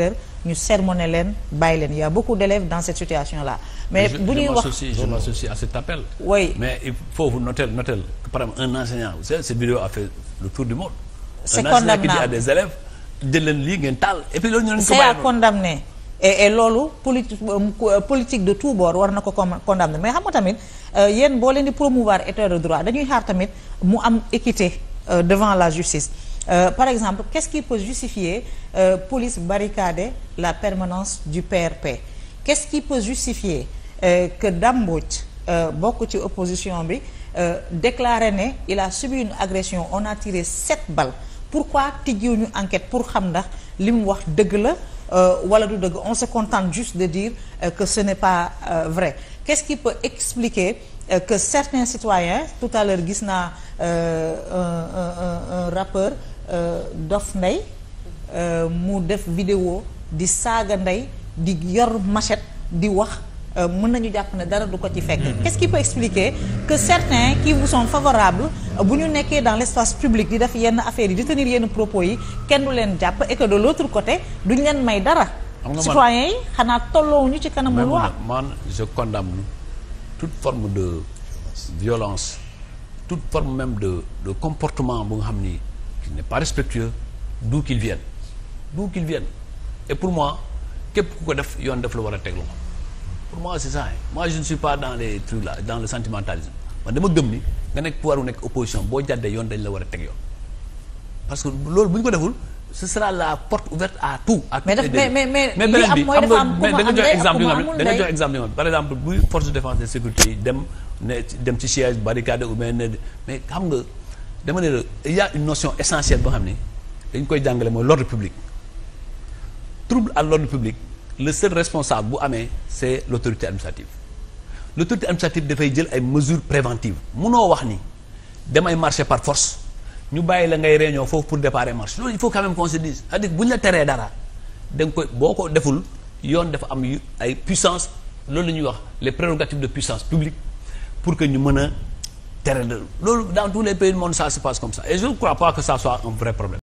heures ñu sermonné leen bàyyi leen y a beaucoup d'élèves dans cette situation là. mais bu ñuy wax je m'associe à cet appel. oui mais il faut vous noter noter un enseignant cette vidéo a fait le tour du monde. c'est condamnable un enseignant des élèves jël leen lii ngeen taal et loolu ñu leen ko loolu euh, politique de tout bord war na ko condamner mais xam nga tamit euh, yéen boo leen di promouvoir état de droit dañuy xaar tamit mu am équité euh, devant la justice. Euh, par exemple qu'est-ce qui peut justifier euh, police barricader la permanence du PRP qu'est-ce qui peut justifier euh, que Dame bokk ci opposition bi déclaré ne il a subi une agression on a tiré sept balles pourquoi tijjiwuñu enquête pour xam ndax li mu wax dëgg la wala du dëgg on se contente juste de dire que ce n'est pas vrai qu'est-ce qui peut expliquer que certains citoyens tout à l'heure gis naa un un un rappeur Euh, dof ndey euh, mu def vidéo di saaga ndey di yor machette di wax euh, mun nañu jàpp ne dara du ko ci fekk. Mm-hmm. qu'est-ce qui peut expliquer que certains qui vous sont favorables bu ñu nekkee dans l'espace publique di def yenn affaires yi di tenir yenn propos yi kenn du leen jàpp et que de l'autre côté duñ leen may dara. citoyens yi xanaa tolloo ñu ci kanamu loi. man je condamne toute forme de violence toute forme même de de comportement bu nga xam ni. qu'il n'est pas respectueux d'où qu'il vienne d'où qu'il vienne et pour moi képp ku ko def yoon def la war a teg loxo pour moi c'est ça moi je ne suis pas dans les trucs là dans le sentimentalisme man dama gëm ni nga nekk pouvoir opposition boo jàddee yoon dañ la war a teg yoon parce que loolu bu ko deful ce sera la porte ouverte à tout. à mais mais mais mais beneen jox exemple yoo par exemple bu force de défense et de sécurité yi dem ne dem ci siège barricade ou bien mais xam nga. dama ne la il y une notion essentielle boo xam ne dañ koy jàngale mooy l'ordre public trouble à l'ordre publique le seul responsable bu amee c'est l'autorité administrative l'autorité administrative dafay jël ay mesures préventives munoo wax ni damay marcher par force ñu bàyyi la ngay réunion foofu pour déparer marche loolu il faut quand même qu'on se bu ñu la teree dara da nga koy boo ko deful yoon dafa am ay puissance loolu la ñuy wax les prérogatives de puissance publique pour que ñu mën a tere loolu dans tous les pays du monde ça se passe comme ça et je crois pas que ça soit un vrai problème